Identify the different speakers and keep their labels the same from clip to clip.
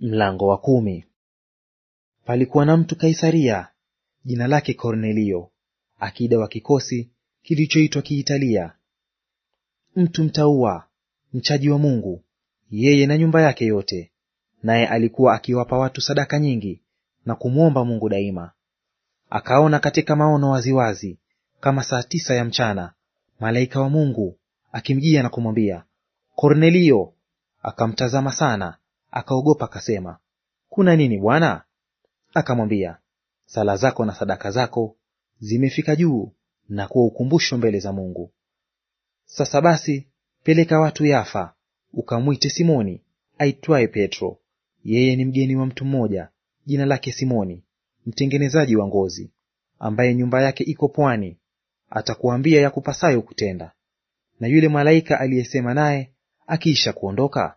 Speaker 1: Mlango wa kumi. Palikuwa na mtu Kaisaria, jina lake Kornelio, akida wa kikosi kilichoitwa Kiitalia, mtu mtaua, mchaji wa Mungu, yeye na nyumba yake yote, naye alikuwa akiwapa watu sadaka nyingi na kumwomba Mungu daima. Akaona katika maono waziwazi, kama saa tisa ya mchana, malaika wa Mungu akimjia na kumwambia, Kornelio. Akamtazama sana Akaogopa akasema, kuna nini Bwana? Akamwambia, sala zako na sadaka zako zimefika juu na kuwa ukumbusho mbele za Mungu. Sasa basi, peleka watu Yafa, ukamwite Simoni aitwaye Petro. Yeye ni mgeni wa mtu mmoja jina lake Simoni, mtengenezaji wa ngozi, ambaye nyumba yake iko pwani. Atakuambia yakupasayo kutenda. Na yule malaika aliyesema naye akiisha kuondoka,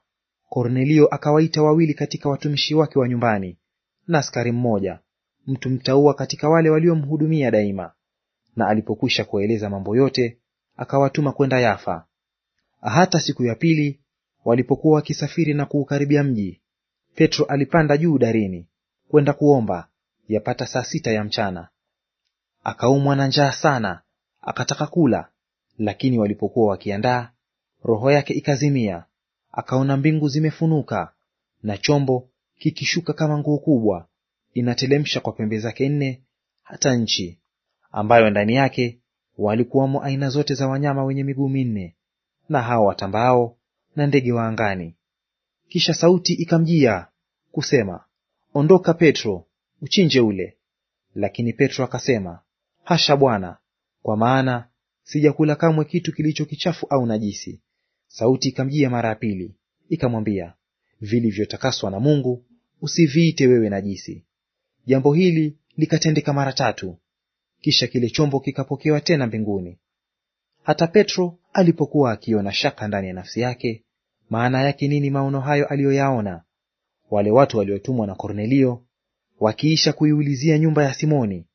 Speaker 1: Kornelio akawaita wawili katika watumishi wake wa nyumbani na askari mmoja, mtu mtaua katika wale waliomhudumia daima. Na alipokwisha kueleza mambo yote, akawatuma kwenda Yafa. Hata siku ya pili walipokuwa wakisafiri na kuukaribia mji, Petro alipanda juu darini kwenda kuomba, yapata saa sita ya mchana. Akaumwa na njaa sana, akataka kula, lakini walipokuwa wakiandaa, roho yake ikazimia, akaona mbingu zimefunuka na chombo kikishuka kama nguo kubwa, inatelemsha kwa pembe zake nne hata nchi, ambayo ndani yake walikuwamo aina zote za wanyama wenye miguu minne na hao watambaao na ndege wa angani. Kisha sauti ikamjia kusema, Ondoka Petro, uchinje ule. Lakini Petro akasema, Hasha Bwana, kwa maana sijakula kamwe kitu kilicho kichafu au najisi. Sauti ikamjia mara ya pili ikamwambia, vilivyotakaswa na Mungu usiviite wewe najisi. Jambo hili likatendeka mara tatu, kisha kile chombo kikapokewa tena mbinguni. Hata Petro alipokuwa akiona shaka ndani ya nafsi yake, maana yake nini maono hayo aliyoyaona, wale watu waliotumwa na Kornelio wakiisha kuiulizia nyumba ya Simoni,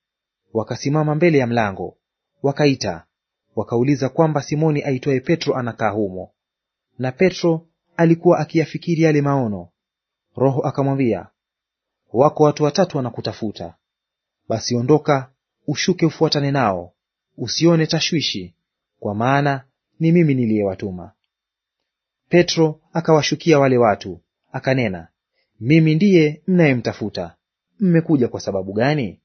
Speaker 1: wakasimama mbele ya mlango, wakaita, wakauliza kwamba Simoni aitwaye Petro anakaa humo na petro alikuwa akiyafikiri yale maono roho akamwambia wako watu watatu wanakutafuta basi ondoka ushuke ufuatane nao usione tashwishi kwa maana ni mimi niliyewatuma petro akawashukia wale watu akanena mimi ndiye mnayemtafuta mmekuja kwa sababu gani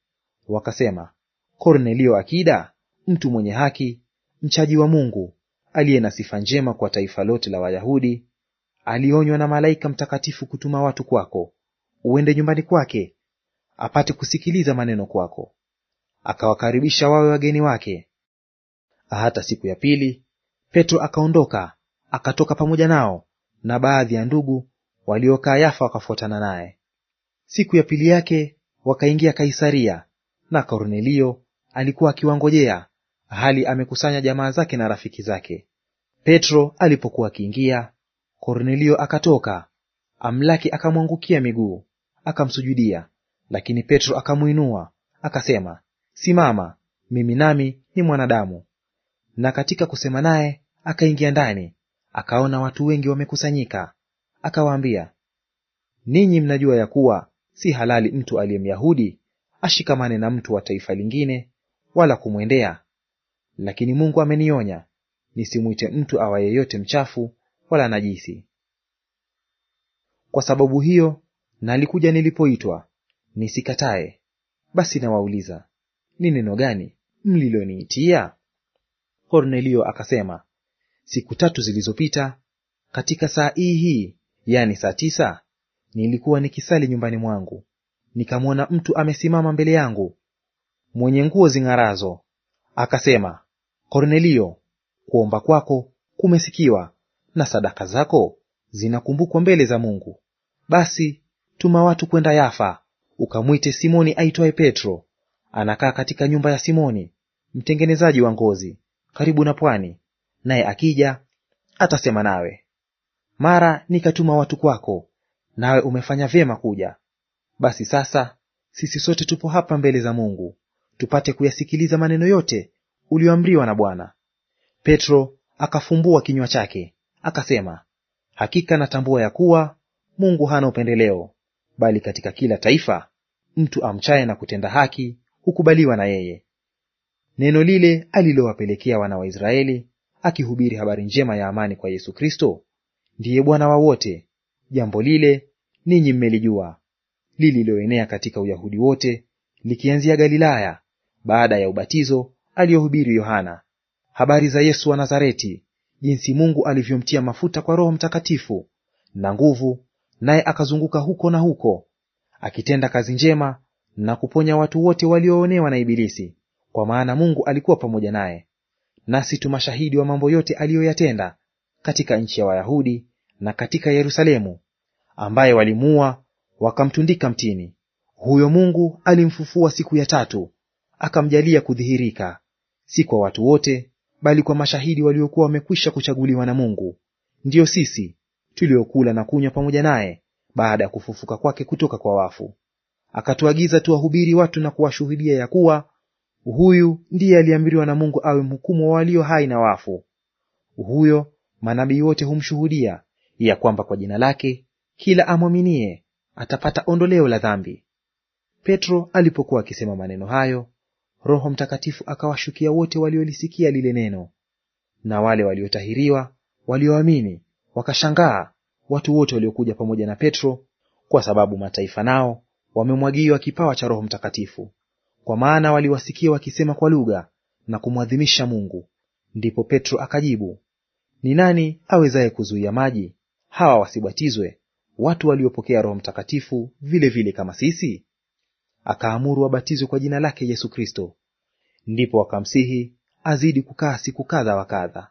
Speaker 1: wakasema kornelio akida mtu mwenye haki mchaji wa mungu aliye na sifa njema kwa taifa lote la Wayahudi, alionywa na malaika mtakatifu kutuma watu kwako, uende nyumbani kwake apate kusikiliza maneno kwako. Akawakaribisha wawe wageni wake. Hata siku ya pili Petro akaondoka akatoka pamoja nao, na baadhi ya ndugu waliokaa Yafa wakafuatana naye. Siku ya pili yake wakaingia Kaisaria, na Kornelio alikuwa akiwangojea hali amekusanya jamaa zake na rafiki zake. Petro alipokuwa akiingia, Kornelio akatoka, amlaki akamwangukia miguu, akamsujudia. Lakini Petro akamwinua akasema, Simama, mimi nami ni mwanadamu. Na katika kusema naye akaingia ndani, akaona watu wengi wamekusanyika, akawaambia, ninyi mnajua ya kuwa si halali mtu aliye Myahudi ashikamane na mtu wa taifa lingine, wala kumwendea lakini Mungu amenionya nisimwite mtu awa yeyote mchafu wala najisi. Kwa sababu hiyo nalikuja nilipoitwa, nisikatae. Basi nawauliza, ni neno gani mliloniitia? Kornelio akasema, siku tatu zilizopita katika saa hii hii, yani saa tisa, nilikuwa nikisali nyumbani mwangu, nikamwona mtu amesimama mbele yangu mwenye nguo zing'arazo, akasema Kornelio, kuomba kwako kumesikiwa, na sadaka zako zinakumbukwa mbele za Mungu. Basi tuma watu kwenda Yafa, ukamwite Simoni aitwaye Petro; anakaa katika nyumba ya Simoni mtengenezaji wa ngozi, karibu na pwani, naye akija atasema nawe. Mara nikatuma watu kwako, nawe umefanya vyema kuja. Basi sasa sisi sote tupo hapa mbele za Mungu, tupate kuyasikiliza maneno yote ulioamriwa na Bwana. Petro akafumbua kinywa chake akasema, hakika natambua ya kuwa Mungu hana upendeleo, bali katika kila taifa mtu amchaye na kutenda haki hukubaliwa na yeye. Neno lile alilowapelekea wana wa Israeli, akihubiri habari njema ya amani kwa Yesu Kristo, ndiye Bwana wa wote, jambo lile ninyi mmelijua, lililoenea katika Uyahudi wote, likianzia Galilaya baada ya ubatizo aliyohubiri Yohana, habari za Yesu wa Nazareti, jinsi Mungu alivyomtia mafuta kwa Roho Mtakatifu na nguvu, naye akazunguka huko na huko akitenda kazi njema na kuponya watu wote walioonewa na Ibilisi, kwa maana Mungu alikuwa pamoja naye. Nasi tu mashahidi wa mambo yote aliyoyatenda katika nchi ya Wayahudi na katika Yerusalemu, ambaye walimuua wakamtundika mtini. Huyo Mungu alimfufua siku ya tatu, akamjalia kudhihirika, si kwa watu wote, bali kwa mashahidi waliokuwa wamekwisha kuchaguliwa na Mungu, ndiyo sisi tuliokula na kunywa pamoja naye baada ya kufufuka kwake kutoka kwa wafu. Akatuagiza tuwahubiri watu na kuwashuhudia ya kuwa huyu ndiye aliamriwa na Mungu awe mhukumu wa walio hai na wafu. Huyo manabii wote humshuhudia ya kwamba kwa jina lake kila amwaminie atapata ondoleo la dhambi. Petro alipokuwa akisema maneno hayo, Roho Mtakatifu akawashukia wote waliolisikia lile neno. Na wale waliotahiriwa walioamini wakashangaa, watu wote waliokuja pamoja na Petro, kwa sababu mataifa nao wamemwagiwa kipawa cha Roho Mtakatifu. Kwa maana waliwasikia wakisema kwa lugha na kumwadhimisha Mungu. Ndipo Petro akajibu, ni nani awezaye kuzuia maji hawa wasibatizwe watu waliopokea Roho Mtakatifu vilevile vile kama sisi? akaamuru wabatizwe kwa jina lake Yesu Kristo. Ndipo akamsihi azidi kukaa siku kadha wa kadha.